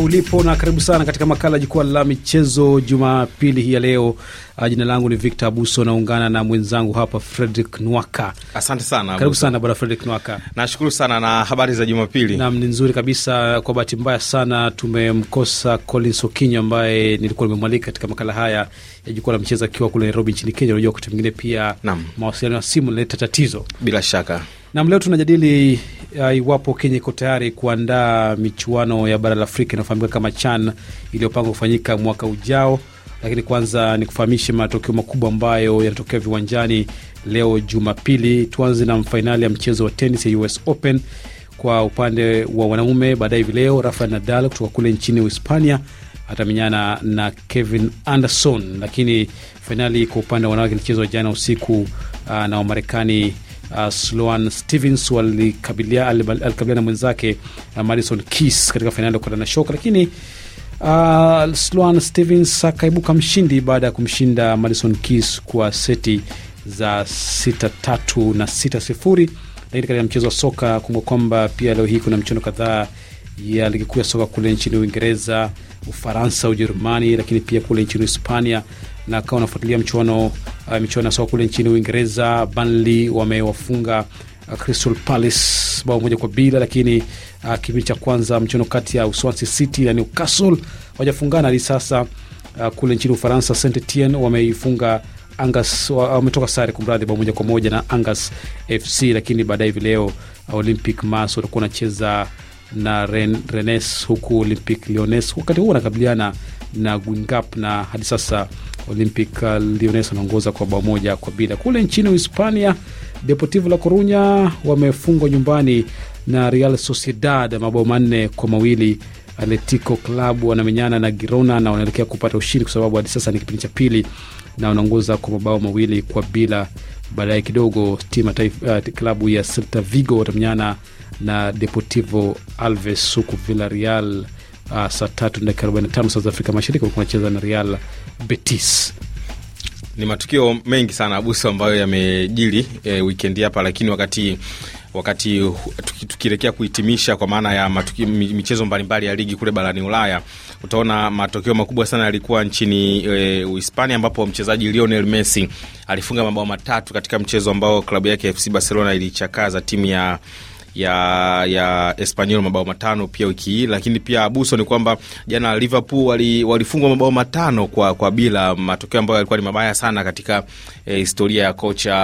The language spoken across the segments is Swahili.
hapo ulipo na karibu sana katika makala ya jukwaa la michezo jumapili hii ya leo. Ah, jina langu ni victo Abuso, naungana na mwenzangu hapa fredrik Nwaka. Asante sana, karibu sana bwana fredrik Nwaka. Nashukuru sana na habari za Jumapili. nam ni nzuri kabisa. Kwa bahati mbaya sana tumemkosa colin sokinyo ambaye nilikuwa nimemwalika katika makala haya ya jukwaa la michezo akiwa kule Nairobi nchini Kenya. Unajua wakati mwingine pia mawasiliano ya simu naleta tatizo bila shaka. Nam, leo tunajadili Uh, iwapo Kenya iko tayari kuandaa michuano ya bara la Afrika inayofahamika kama CHAN iliyopangwa kufanyika mwaka ujao. Lakini kwanza ni kufahamishe matokeo makubwa ambayo yanatokea viwanjani leo Jumapili. Tuanze na fainali ya mchezo wa tenis ya US Open kwa upande wa wanaume baadaye hivi leo, Rafael Nadal kutoka kule nchini Uhispania atamenyana na Kevin Anderson. Lakini fainali kwa upande wa wanawake ilichezwa jana usiku uh, na Wamarekani uh, Sloan Stevens alikabiliana na mwenzake uh, Madison Keys katika fainali ya kukutana shoka, lakini uh, Sloan Stevens akaibuka mshindi baada ya kumshinda Madison Keys kwa seti za 6-3 na 6-0. Lakini katika mchezo wa soka kumbuka kwamba pia leo hii kuna mchezo kadhaa ya ligi kuu ya soka kule nchini Uingereza, Ufaransa, Ujerumani, lakini pia kule nchini Hispania, na akawa unafuatilia mchuano uh, michuano ya soka kule nchini Uingereza, Burnley wamewafunga uh, Crystal Palace bao moja kwa bila, lakini uh, kipindi cha kwanza mchuano kati ya Swansea City na Newcastle wajafungana hadi sasa. Uh, kule nchini Ufaransa, Saint Etienne wameifunga Angas, uh, wametoka sare kumradhi, bao moja kwa moja na Angas FC, lakini baadaye hivi leo uh, Olympic Mas watakuwa wanacheza na Rennes, huku Olympic Lyonnais wakati huu wanakabiliana na Guingamp, na hadi sasa Olympic uh, Lyonnais wanaongoza kwa bao moja kwa bila. Kule nchini Uhispania, Deportivo La Corunya wamefungwa nyumbani na Real Sociedad mabao manne kwa mawili. Atletico Club wanamenyana na Girona na wanaelekea kupata ushindi kwa sababu hadi sasa ni kipindi cha pili na wanaongoza kwa mabao mawili kwa bila. Baadaye kidogo timu taifa, uh, klabu ya Celta Vigo watamenyana na Deportivo Alves, huku Villarreal uh, saa tatu dakika 45 saa za Afrika Mashariki walikuwa wanacheza na Real Betis. Ni matukio mengi sana Abuso ambayo yamejiri e, wikendi hapa, lakini wakati wakati tukielekea kuhitimisha kwa maana ya matukio, michezo mbalimbali ya ligi kule barani Ulaya, utaona matokeo makubwa sana yalikuwa nchini e, eh, Uhispania ambapo mchezaji Lionel Messi alifunga mabao matatu katika mchezo ambao klabu yake FC Barcelona ilichakaza timu ya ya, ya Espanyol mabao matano pia wiki hii, lakini pia Abuso ni kwamba jana Liverpool walifungwa wali mabao matano kwa, kwa bila, matokeo ambayo yalikuwa ni mabaya sana katika eh, historia ya kocha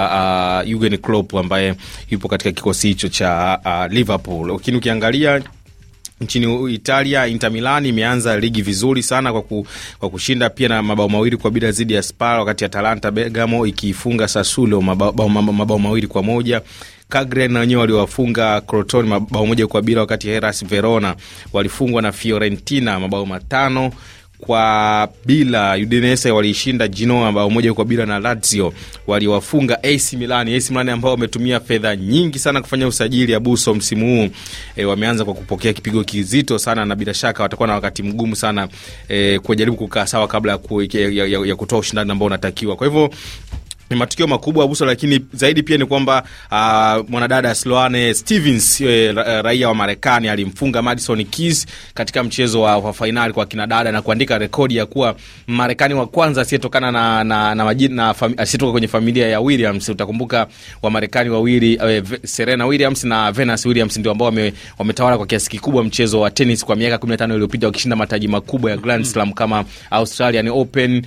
uh, Jurgen Klopp ambaye yupo katika kikosi hicho cha uh, Liverpool. Lakini ukiangalia nchini Italia, Inter Milan imeanza ligi vizuri sana kwa, ku, kwa kushinda pia na mabao mawili kwa bila dhidi ya Spal, wakati Atalanta Bergamo ikiifunga Sassuolo mabao mabao mawili kwa moja. Cagliari na wenyewe waliwafunga Crotone mabao moja kwa bila, wakati Hellas Verona walifungwa na Fiorentina mabao matano kwa bila. Udinese waliishinda Genoa bao moja kwa bila, na Lazio waliwafunga AC Milan. AC Milan ambao wametumia fedha nyingi sana kufanya usajili ya buso msimu huu e, wameanza kwa kupokea kipigo kizito sana, na bila shaka watakuwa na wakati mgumu sana e, kujaribu kukaa sawa kabla ya, ya, ya, ya kutoa ushindani ambao unatakiwa. Kwa hivyo ni matukio makubwa Abuso, lakini zaidi pia ni kwamba uh, mwanadada Sloane Stevens uh, raia wa Marekani alimfunga Madison Keys katika mchezo wa, wa fainali kwa kinadada na kuandika rekodi ya kuwa Marekani wa kwanza asiyetokana na, na, na, majina, na fam, asiyetoka kwenye familia ya Williams. Utakumbuka wa Wamarekani wawili uh, Serena Williams na Venus Williams ndio ambao wame, wametawala kwa kiasi kikubwa mchezo wa tenis kwa miaka 15 iliyopita wakishinda mataji makubwa ya Grand Slam kama Australian Open,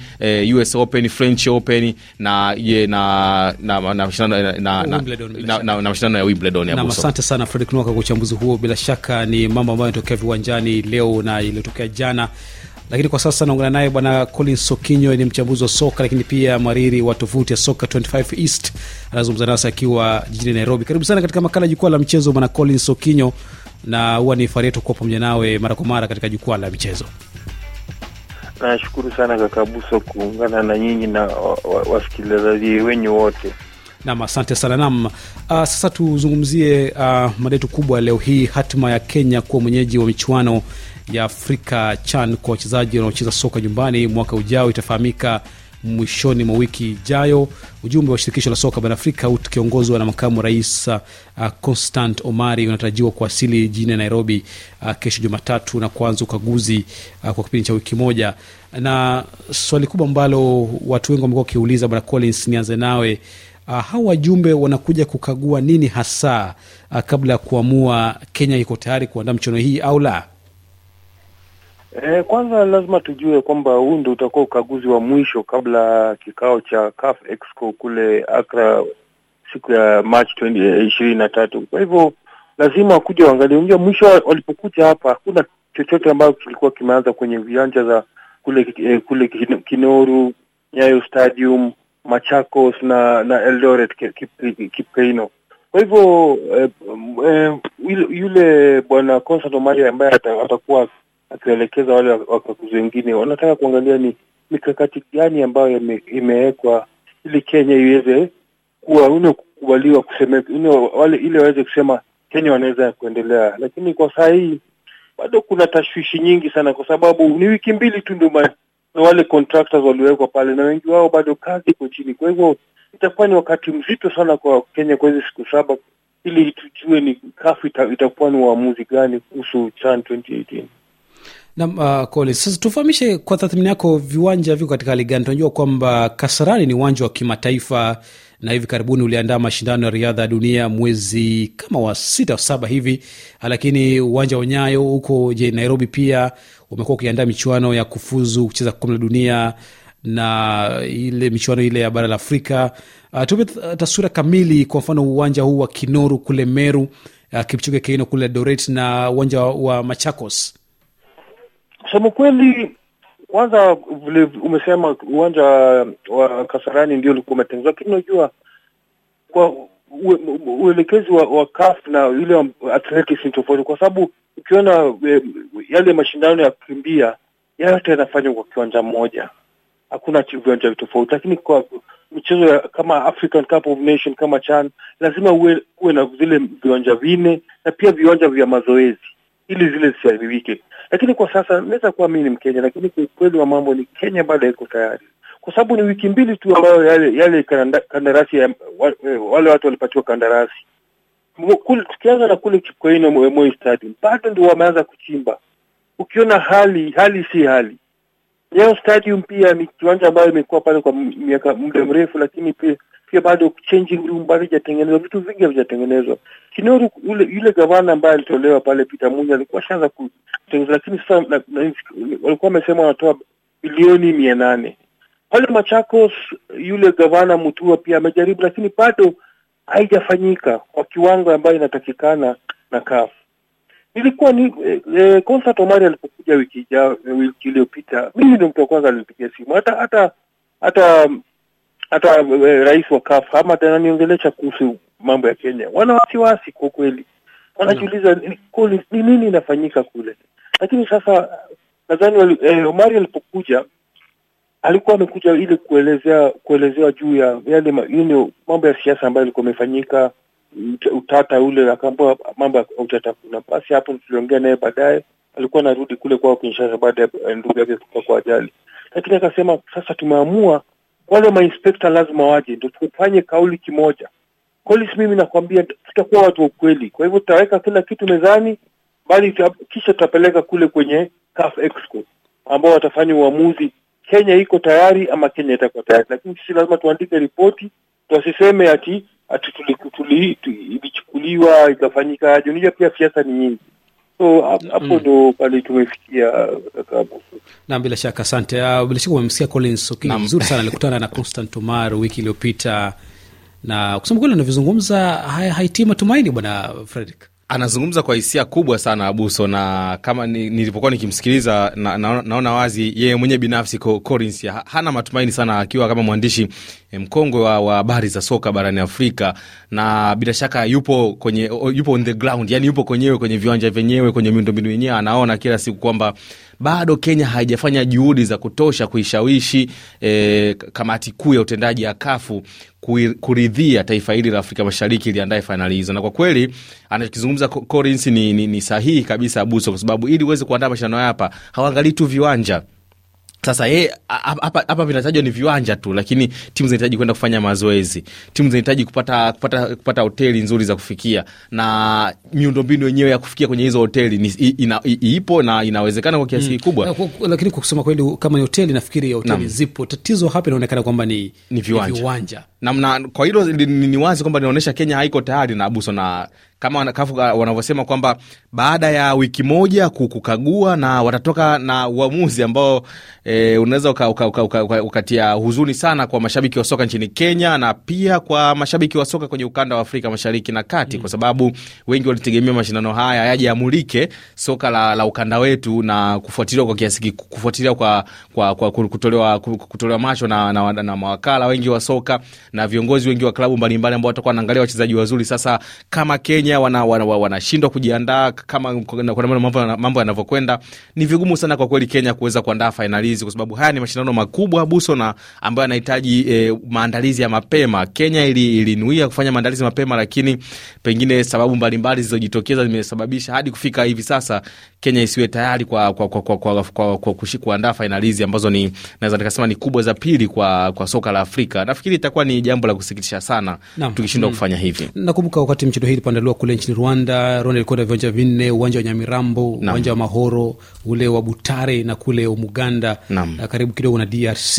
uh, US Open, French Open na yeye na na mashindano ya Wimbledon ya Asante sana Fredrick kwa uchambuzi huo. Bila shaka ni mambo ambayo yanatokea viwanjani leo na iliyotokea jana lakini kwa sasa naungana naye bwana Colin Sokinyo, ni mchambuzi wa soka lakini pia mariri wa tofuti ya soka 25 East. Anazungumza nasi akiwa jijini Nairobi. Karibu sana katika makala jukwaa la mchezo, bwana Colin Sokinyo, na huwa ni fari yetu kuwa pamoja nawe mara kwa mara katika jukwaa la michezo. Nashukuru sana kwa Buso kuungana na nyinyi na wasikilizaji wa, wa wenyu wote. Nam, asante sana. Nam, uh, sasa tuzungumzie uh, mada yetu kubwa leo hii, hatima ya Kenya kuwa mwenyeji wa michuano ya Afrika CHAN kwa wachezaji wanaocheza soka nyumbani mwaka ujao. Itafahamika mwishoni mwa wiki ijayo. Ujumbe wa shirikisho la soka barani Afrika ukiongozwa na makamu wa rais uh, Constant Omari unatarajiwa kuwasili jijini Nairobi uh, kesho Jumatatu na kuanza ukaguzi uh, kwa kipindi cha wiki moja, na swali kubwa ambalo watu wengi wamekuwa wakiuliza, Bwana Collins, nianze nawe uh, hawa wajumbe wanakuja kukagua nini hasa uh, kabla ya kuamua Kenya iko tayari kuandaa mchono hii au la? E, kwanza lazima tujue kwamba huu ndio utakuwa ukaguzi wa mwisho kabla kikao cha CAF Exco kule Accra siku ya March eh, ishirini na tatu. Kwa hivyo lazima kuja waangalie. Unajua, mwisho walipokuja hapa hakuna chochote ambacho kilikuwa kimeanza kwenye viwanja za kule eh, kule Kinoru, Nyayo Stadium, Machakos na na Eldoret Kipeino. Kwa hivyo eh, eh, yule bwana Constantine Omari ambaye atakuwa akiwaelekeza wale wakaguzi wengine, wanataka kuangalia ni mikakati gani ambayo imewekwa ili Kenya iweze kuwa ine kukubaliwa kuseme ile waweze kusema Kenya wanaweza kuendelea, lakini kwa saa hii bado kuna tashwishi nyingi sana, kwa sababu ni wiki mbili tu ndio wale contractors waliowekwa pale na wengi wao bado kazi iko chini. Kwa hivyo itakuwa ni wakati mzito sana kwa Kenya kwa hizi siku saba, ili tujue ni kafu itakuwa ni uamuzi gani kuhusu CHAN 2018 uh, sasa tufahamishe kwa tathmini yako viwanja viko katika hali gani? Tunajua kwamba Kasarani ni uwanja wa kimataifa na hivi karibuni uliandaa mashindano ya riadha ya dunia mwezi kama wa sita wa saba hivi, lakini uwanja wa Nyayo huko je, Nairobi pia umekuwa ukiandaa michuano ya kufuzu kucheza kombe la dunia na ile michuano ile ya bara la Afrika. Uh, tupe uh, taswira kamili, kwa mfano uwanja huu wa Kinoru kule Meru, uh, Kipchoge Keino kule Doret na uwanja wa Machakos. Kusema kweli, kwanza vile umesema uwanja wa Kasarani ndio ulikuwa umetengenezwa, lakini unajua kwa uelekezi wa, wa kaf na yule athletics ni tofauti, kwa sababu ukiona e, yale mashindano ya kukimbia yote yanafanywa kwa kiwanja moja, hakuna viwanja tofauti. Lakini kwa michezo kama African Cup of Nation, kama CHAN lazima uwe, uwe na vile viwanja vinne na pia viwanja vya mazoezi ili zile zisiharibike. Lakini kwa sasa naweza kuwa mi ni Mkenya, lakini kwa ukweli wa mambo ni Kenya bado haiko tayari, kwa sababu ni wiki mbili tu ambayo yale yale kandarasi ya, wale watu walipatiwa kandarasi. Tukianza na kule Kipkoino Moi Stadium, bado ndio wameanza kuchimba. Ukiona hali hali si hali Nyayo Stadium pia ni kiwanja ambayo imekuwa pale kwa miaka muda mrefu, lakini pia pia bado changing room bado hajatengenezwa, vitu vingi havijatengenezwa. Kinoro yule, yule gavana ambaye alitolewa pale Peter Munya alikuwa shaanza kutengeneza, lakini sasa walikuwa wamesema wanatoa bilioni mia nane pale Machakos. Yule gavana Mutua pia amejaribu, lakini bado haijafanyika kwa kiwango ambayo inatakikana na kaf Nilikuwa ni eh, eh Constant Omari alipokuja wiki ja, eh, wiki iliyopita, mimi ndio mtu wa kwanza alinipigia simu hata hata hata hata e, rais wa CAF Hamad ananiongelesha kuhusu mambo ya Kenya. Wana wasiwasi kwa kweli, wanajiuliza ni ni nini inafanyika kule. Lakini sasa nadhani e, Omari alipokuja alikuwa amekuja ili kuelezea kuelezewa juu ya yale mambo ya siasa ambayo ilikuwa imefanyika, utata ule, akaambiwa mambo ya utata kuna. Basi hapo tuliongea naye baadaye, alikuwa anarudi kule kwao Kinshasa baada ya ndugu yake kufa kwa ajali, lakini akasema sasa tumeamua wale mainspekta lazima waje ndo tufanye kauli kimoja. Polisi, mimi nakwambia, tutakuwa watu wa ukweli. Kwa hivyo tutaweka kila kitu mezani, bali kisha tutapeleka kule kwenye CAF Exco ambao watafanya uamuzi Kenya iko tayari ama Kenya itakuwa tayari. Lakini sisi lazima tuandike ripoti, tuasiseme ati ati tulichukuliwa ikafanyika aje. Unajua pia siasa ni nyingi so hapo mm. ndo mm. pale tumefikia eh, bila shaka asante uh, bila shaka umemsikia collins okinyi sana alikutana na constant omar wiki iliyopita na kusema kweli anavyozungumza haitii matumaini bwana frederick anazungumza kwa hisia kubwa sana Abuso, na kama ni, nikimsikiliza na, na, naona wazi yeye mwenye binafsi Collins hana matumaini sana, akiwa kama mwandishi eh, mkongwe wa habari za soka barani Afrika, na bila shaka yupo kwenye, yupo on the ground, yani yupo kwenyewe kwenye viwanja vyenyewe, kwenye miundombinu yenyewe, anaona kila siku kwamba bado Kenya haijafanya juhudi za kutosha kuishawishi eh, kamati kuu ya utendaji ya Kafu kuridhia taifa hili la Afrika Mashariki liandae fainali hizo, na kwa kweli anachokizungumza Collins ni, ni, ni sahihi kabisa Abuso, kwa sababu ili uweze kuandaa mashindano haya hapa hawaangalii tu viwanja sasa yeye hapa vinatajwa ni viwanja tu, lakini timu zinahitaji kwenda kufanya mazoezi, timu zinahitaji kupata, kupata, kupata hoteli nzuri za kufikia na miundombinu yenyewe ya kufikia kwenye hizo hoteli ipo na inawezekana kwa kiasi mm. kikubwa mm. Lakini kwa kusema kweli, kama hoteli nafikiri hoteli zipo, tatizo hapa inaonekana kwamba ni, ni viwanja, ni viwanja. Na, na, kwa hilo ni, ni wazi kwamba inaonyesha Kenya haiko tayari na Abuso na kama kafu wanavyosema kwamba baada ya wiki moja kukagua na watatoka na uamuzi ambao e, unaweza ukatia uka, uka, uka, uka, uka huzuni sana kwa mashabiki wa soka nchini Kenya na pia kwa mashabiki wa soka kwenye ukanda wa Afrika Mashariki na Kati mm. kwa sababu wengi walitegemea mashindano haya yaje yamulike soka la, la ukanda wetu na kufuatiliwa kwa kiasi kufuatiliwa kwa, kwa, kwa kutolewa, kutolewa macho na, na, na, na mawakala wengi wa soka na viongozi wengi wa klabu mbalimbali ambao watakuwa wanaangalia wachezaji wazuri sasa kama Kenya wenyewe wanashindwa wana, wana, wana kujiandaa kama mambo, mambo yanavyokwenda. Ni vigumu sana kwa kweli Kenya kuweza kuandaa fainali hizi, kwa sababu haya ni mashindano makubwa buso na ambayo yanahitaji eh, maandalizi ya mapema. Kenya ilinuia ili kufanya maandalizi mapema, lakini pengine sababu mbalimbali zilizojitokeza zimesababisha hadi kufika hivi sasa Kenya isiwe tayari kwa, kwa, kwa, kwa, kwa, kwa, kwa kuandaa fainali hizi ambazo ni naweza nikasema ni kubwa za pili kwa, kwa soka la Afrika. Nafikiri itakuwa ni jambo la kusikitisha sana tukishindwa mm, kufanya hivi. Nakumbuka wakati mchezo hili pandaliwa kule nchini Rwanda. Rwanda ilikuwa na viwanja vinne, uwanja wa Nyamirambo, uwanja wa Mahoro, ule wa Butare na kule Umuganda, ah, karibu kidogo na DRC.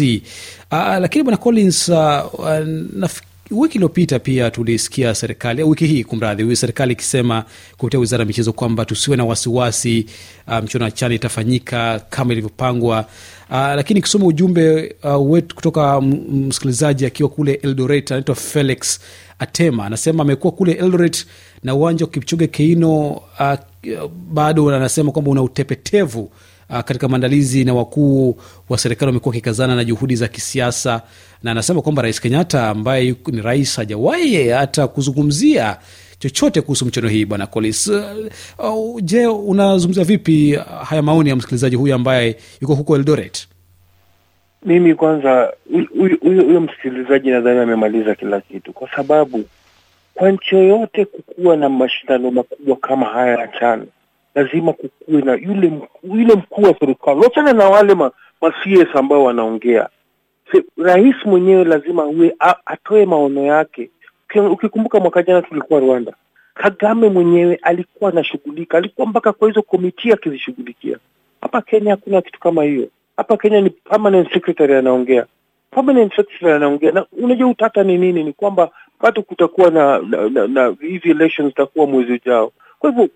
Uh, ah, lakini bwana Collins, uh, uh, nafikiri Wiki iliyopita pia tulisikia serikali, wiki hii kumradhi, huyu serikali ikisema kupitia wizara ya michezo kwamba tusiwe na wasiwasi, uh, mchuano um, wa chani itafanyika kama ilivyopangwa. Uh, lakini ikisoma ujumbe uh, wetu kutoka msikilizaji akiwa kule Eldoret, anaitwa Felix Atema, anasema amekuwa kule Eldoret na uwanja wa Kipchoge Keino uh, bado anasema kwamba una utepetevu Ah, katika maandalizi na wakuu wa serikali wamekuwa wakikazana na juhudi za kisiasa, na anasema kwamba Rais Kenyatta ambaye ni rais hajawahi hata kuzungumzia chochote kuhusu mchono hii. Bwana Kolis, ah, je, unazungumzia vipi ah, haya maoni ya msikilizaji huyu ambaye yuko huko Eldoret? Mimi kwanza, huyo msikilizaji nadhani amemaliza kila kitu, kwa sababu kwa nchi yoyote kukuwa na mashindano makubwa kama haya ya chano lazima kukuwe na yule mkuu, yule mkuu wa serikali, wachana na wale ma, ma CS ambao wanaongea. Rais mwenyewe lazima uwe atoe maono yake. Ukikumbuka mwaka jana tulikuwa Rwanda, Kagame mwenyewe alikuwa anashughulika, alikuwa mpaka kwa hizo komiti akizishughulikia. Hapa Kenya hakuna kitu kama hiyo. Hapa Kenya ni permanent secretary anaongea, permanent secretary anaongea. Na unajua utata ni nini? Ni kwamba bado kutakuwa na hizi elections zitakuwa mwezi ujao, kwa hivyo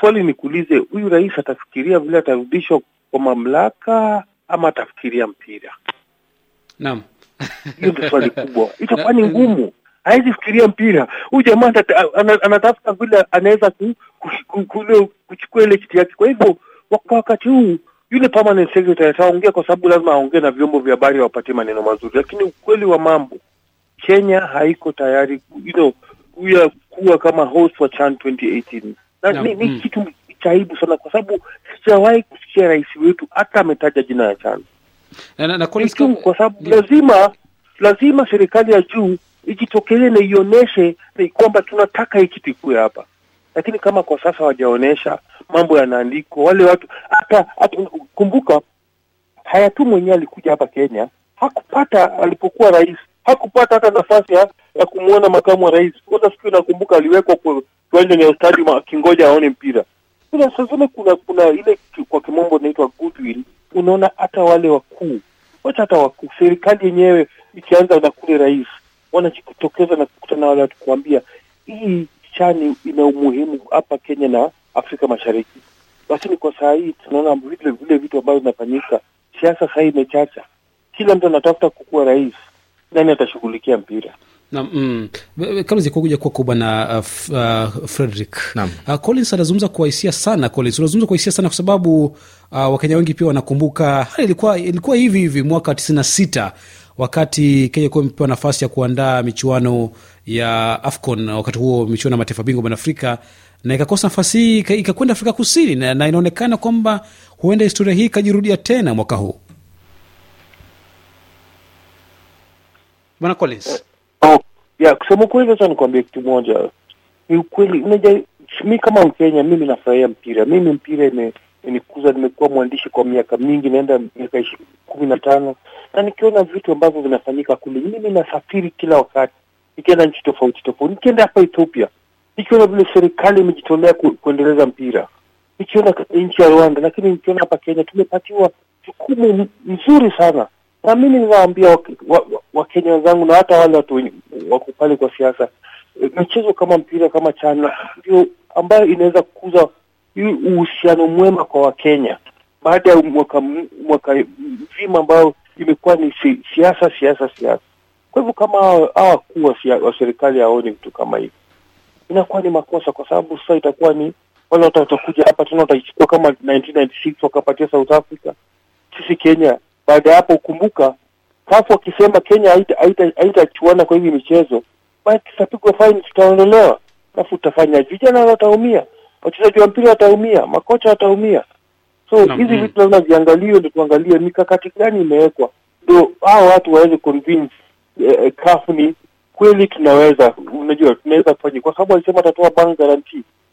swali nikuulize, huyu rais atafikiria vile atarudishwa kwa mamlaka ama atafikiria mpira? Naam, hiyo ndio swali kubwa. Itakuwa ni eh, ngumu, hawezi fikiria mpira huyu jamaa. Anatafuta vile anaweza kuchukua ile kiti yake. Kwa hivyo kwa wakati huu yule permanent secretary ataongea, kwa sababu lazima aongee na vyombo vya habari wapatie maneno mazuri, lakini ukweli wa mambo, Kenya haiko tayari you know, kuya kuwa kama host wa CHAN 2018 na, ni, ni mm. kitu cha aibu sana, kwa sababu sijawahi kusikia rais wetu hata ametaja jina ya chanzo na, na, na Koliska... kwa sababu lazima lazima serikali ya juu ijitokeze na ionyeshe kwamba tunataka hii kitu ikuwe hapa, lakini kama kwa sasa wajaonyesha mambo yanaandikwa. Wale watu hata, hata kumbuka, Hayatu mwenyewe alikuja hapa Kenya hakupata alipokuwa rais hakupata hata nafasi ya, ya kumwona makamu wa rais. Kwanza siku nakumbuka aliwekwa kwa kiwanja ya stadium akingoja aone mpira. Kuna sasa kuna kuna ile kwa kimombo inaitwa goodwill. Unaona hata wale wakuu, wacha hata wakuu, serikali yenyewe ikianza na kule rais, wanajitokeza na kukutana wale watu kuambia hii chani ina umuhimu hapa Kenya na Afrika Mashariki. Lakini kwa saa hii tunaona vile vile vitu ambavyo vinafanyika, siasa saa hii imechacha, kila mtu anatafuta kukuwa rais nani atashughulikia mpira mm. na, uh, uh, uh, Collins anazungumza kwa hisia sana. Collins unazungumza kwa hisia sana kwa sababu uh, Wakenya wengi pia wanakumbuka hali ilikuwa, ilikuwa hivi hivi mwaka tisini na sita wakati Kenya kuwa imepewa nafasi ya kuandaa michuano ya AFCON wakati huo michuano ya mataifa bingwa Afrika na ikakosa nafasi hii ikakwenda Afrika Kusini na, na inaonekana kwamba huenda historia hii ikajirudia tena mwaka huu. Bwana Collins. Oh, yeah, kusema ukweli, sasa nikwambie kitu moja. Ni ukweli, unajua mi kama Mkenya mimi nafurahia mpira. Mimi mpira ime nikuza nimekuwa mwandishi kwa miaka mingi, naenda miaka kumi na tano, na nikiona vitu ambavyo vinafanyika kule, mimi nasafiri kila wakati, nikienda nchi tofauti tofauti, nikienda hapa Ethiopia, nikiona vile serikali imejitolea ku, kuendeleza mpira, nikiona nchi ya Rwanda, lakini nikiona hapa Kenya tumepatiwa jukumu mzuri sana, na mimi ninawaambia wa, wa, Wakenya wenzangu na hata wale watu wako pale kwa siasa, eh, michezo kama mpira kama chana ndio ambayo inaweza kukuza uhusiano mwema kwa Wakenya baada ya mwaka mwaka mzima ambao imekuwa ni siasa siasa siasa. Kwa hivyo kama hawakuwa wa serikali haoni mtu kama hivi, inakuwa ni makosa, kwa sababu sasa itakuwa ni wale watu watakuja hapa tena wataichukua kama 1996 wakapatia South Africa, sisi Kenya. Baada ya hapo, kumbuka Kafu wakisema Kenya haitachuana kwa hivi michezo, basi tutapigwa faini, tutaondolewa. alafu utafanya vijana wataumia, wachezaji wa mpira wataumia, makocha wataumia. So hizi mm. vitu lazima viangaliwe, ndo tuangalie mikakati gani imewekwa, ndo hao watu waweze convince eh, Kafu eh, ni kweli tunaweza, unajua tunaweza kufanya, kwa sababu alisema atatoa bank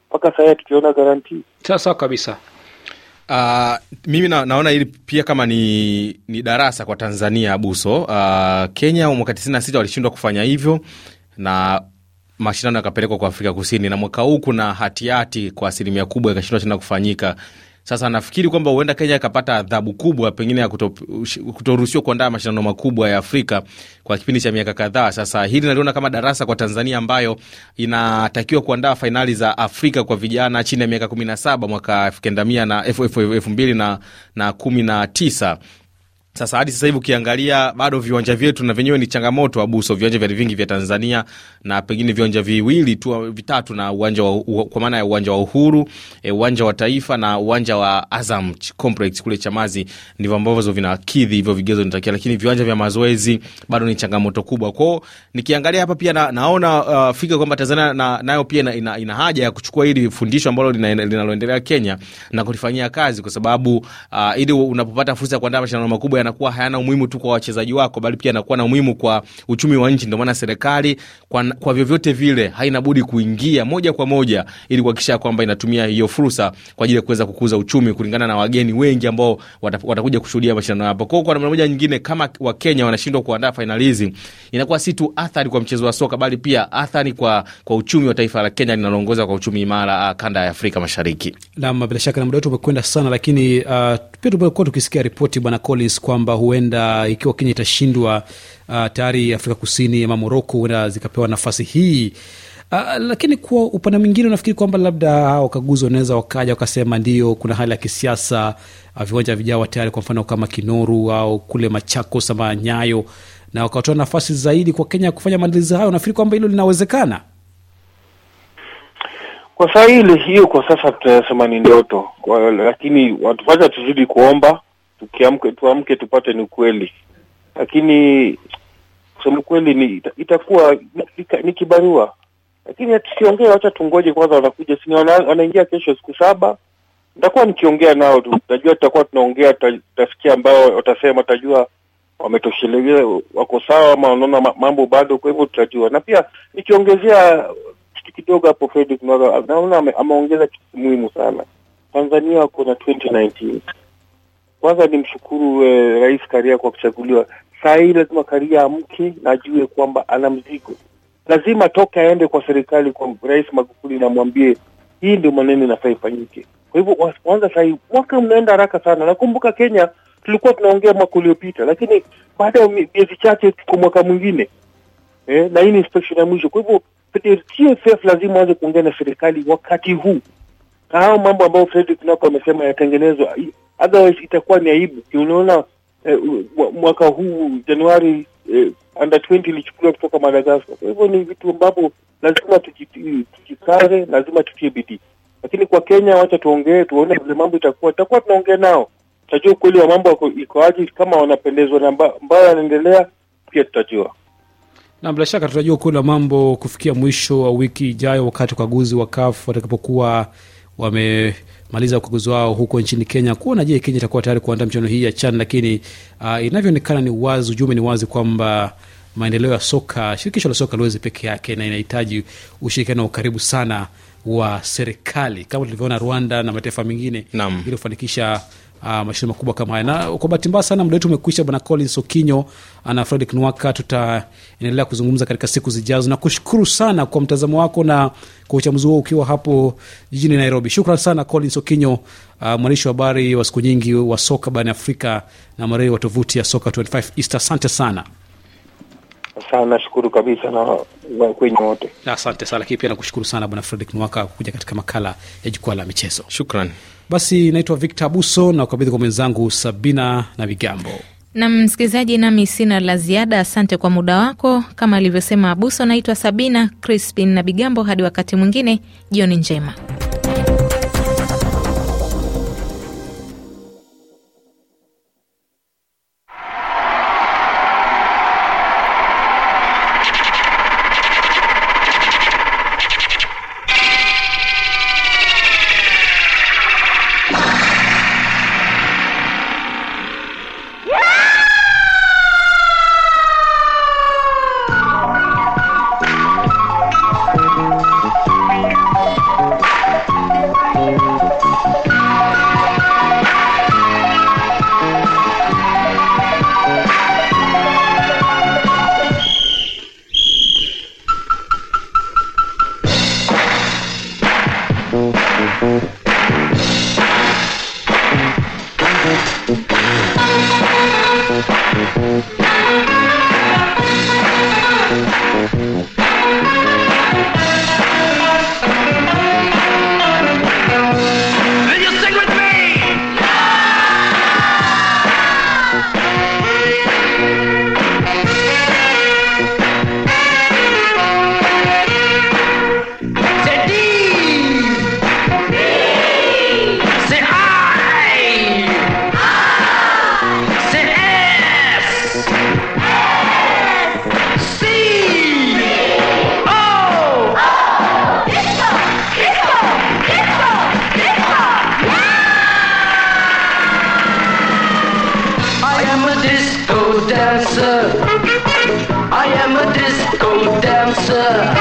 mpaka sahii tukiona garanti sawa sawa kabisa. Uh, mimi na, naona hili pia kama ni, ni darasa kwa Tanzania Buso. Uh, Kenya mwaka 96 walishindwa kufanya hivyo na mashindano yakapelekwa kwa Afrika Kusini, na mwaka huu kuna hatihati kwa asilimia kubwa ikashindwa tena kufanyika sasa nafikiri kwamba huenda Kenya ikapata adhabu kubwa pengine ya kutoruhusiwa kuandaa mashindano makubwa ya Afrika kwa kipindi cha miaka kadhaa. Sasa hili naliona kama darasa kwa Tanzania ambayo inatakiwa kuandaa fainali za Afrika kwa vijana chini ya miaka kumi na saba mwaka elfu mbili na kumi na tisa. Sasa hadi sasa hivi ukiangalia bado viwanja vyetu na vyenyewe ni changamoto abuso, viwanja vya vingi vya Tanzania na pengine viwanja viwili tu vitatu, na uwanja wa, kwa maana ya uwanja wa Uhuru e, uwanja wa Taifa na uwanja wa Azam Complex kule Chamazi, ndivyo ambavyo vinakidhi hivyo vigezo nitakia, lakini viwanja vya mazoezi bado ni changamoto kubwa kwao. Nikiangalia hapa pia na, naona uh, fika kwamba Tanzania na, nayo pia na, ina, ina haja ya kuchukua hili fundisho ambalo linaloendelea Kenya na kulifanyia kazi, kwa sababu uh, ili unapopata fursa ya kuandaa mashindano makubwa yanakuwa hayana umuhimu tu kwa wachezaji wako, bali pia yanakuwa na umuhimu kwa uchumi wa nchi. Ndio maana serikali kwa, kwa vyovyote vile haina budi kuingia moja kwa moja ili kuhakikisha kwamba inatumia hiyo fursa kwa ajili ya kuweza kukuza uchumi kulingana na wageni wengi ambao watakuja kushuhudia mashindano hapo. Kwa hiyo kwa namna moja nyingine, kama Wakenya wanashindwa kuandaa fainali hizi, inakuwa si tu athari kwa mchezo wa soka, bali pia athari kwa, kwa uchumi wa taifa la Kenya linaloongoza kwa uchumi imara ah, kanda ya Afrika Mashariki. Naam, bila shaka na muda wetu umekwenda sana, lakini uh, pia tumekuwa tukisikia ripoti bwana Collins kwamba huenda ikiwa Kenya itashindwa uh, tayari Afrika Kusini ama Moroko huenda zikapewa nafasi hii. Uh, lakini kwa upande mwingine unafikiri kwamba labda wakaguzi wanaweza wakaja wakasema ndio kuna hali ya kisiasa uh, viwanja vijawa tayari, kwa mfano kama Kinoru au kule Machakos ama Nyayo, na wakatoa nafasi zaidi kwa Kenya kufanya maandalizi hayo. Unafikiri kwamba hilo linawezekana? Kwa saa hili hiyo, kwa sasa tunasema ni ndoto, lakini watu tuzidi kuomba tukiamke tuamke tupate ni ukweli, lakini kusema kweli ni itakuwa ni, ni kibarua, lakini tusiongee, wacha tungoje kwanza, wanakuja sini wanaingia kesho siku saba nitakuwa nikiongea nao tu, tutajua, tutakuwa tunaongea, tutafikia ambao watasema, tajua wametosheleza, wako sawa ama wanaona mambo bado. Kwa hivyo tutajua, na pia nikiongezea kitu kidogo hapo, fredi naona ameongeza kitu muhimu sana. Tanzania wako na kwanza nimshukuru eh, Rais Karia kwa kuchaguliwa. Saa hii lazima Karia amke na ajue kwamba ana mzigo, lazima toke aende kwa serikali, kwa Rais Magufuli namwambie hii ndio maneno inafaa ifanyike. Kwa hivyo kwanza, saa hii mwaka unaenda haraka sana. Nakumbuka Kenya tulikuwa tunaongea mwaka uliopita, lakini baada ya miezi chache tuko mwaka mwingine eh, na hii ni inspection ya mwisho. Kwa hivyo TFF lazima waanze kuongea na serikali wakati huu, na hayo mambo ambayo Fredrick Nako amesema yatengenezwa otherwise itakuwa ni aibu. Unaona eh, mwaka huu Januari eh, under 20 ilichukuliwa kutoka Madagaskar. Kwa hivyo ni vitu ambavyo lazima tujikaze, lazima tutie bidii. Lakini kwa Kenya, wacha tuongee, tuone vile mambo itakuwa, tutakuwa tunaongea nao, tutajua ukweli wa mambo aji Kama wanapendezwa na ambayo yanaendelea, pia tutajua na bila shaka tutajua ukweli wa mambo kufikia mwisho wa wiki ijayo, wakati ukaguzi wa kafu watakapokuwa wame kumaliza ukaguzi wao huko nchini Kenya kuona je, Kenya itakuwa tayari kuandaa michuano hii ya CHAN. Lakini uh, inavyoonekana ni wazi, ujumbe ni wazi kwamba maendeleo ya soka, shirikisho la soka liwezi peke yake, na inahitaji ushirikiano wa karibu sana wa serikali kama tulivyoona Rwanda na mataifa mengine ili kufanikisha uh, mashindano makubwa kama haya. Na kwa bahati mbaya sana muda wetu umekwisha, bwana Collins Okinyo ah, na Fredrick Nwaka, tutaendelea kuzungumza katika siku zijazo, na kushukuru sana kwa mtazamo wako na kwa uchambuzi huo ukiwa hapo jijini Nairobi. Shukran sana Collins Okinyo, uh, mwandishi wa habari wa siku nyingi wa soka barani Afrika na marei wa tovuti ya Soka 25 East. Asante sana sana nashukuru kabisa na wakwenye wote asante sana lakini pia nakushukuru sana bwana Fredrick Nwaka kwa kuja katika makala ya jukwaa la michezo. Shukran. Basi naitwa Victor Abuso na ukabidhi kwa mwenzangu Sabina na Migambo na msikilizaji, nami sina la ziada. Asante kwa muda wako. Kama alivyosema Abuso, naitwa Sabina Crispin na Bigambo. Hadi wakati mwingine, jioni njema. Thank you. answer.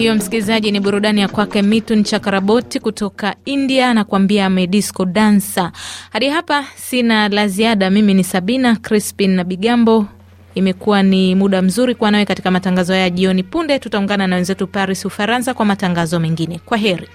hiyo msikilizaji, ni burudani ya kwake Mitun Chakraborty kutoka India na kuambia medisco dansa. Hadi hapa sina la ziada. Mimi ni Sabina Crispin na Bigambo. Imekuwa ni muda mzuri kuwa nawe katika matangazo haya jioni. Punde tutaungana na wenzetu Paris, Ufaransa, kwa matangazo mengine. Kwa heri.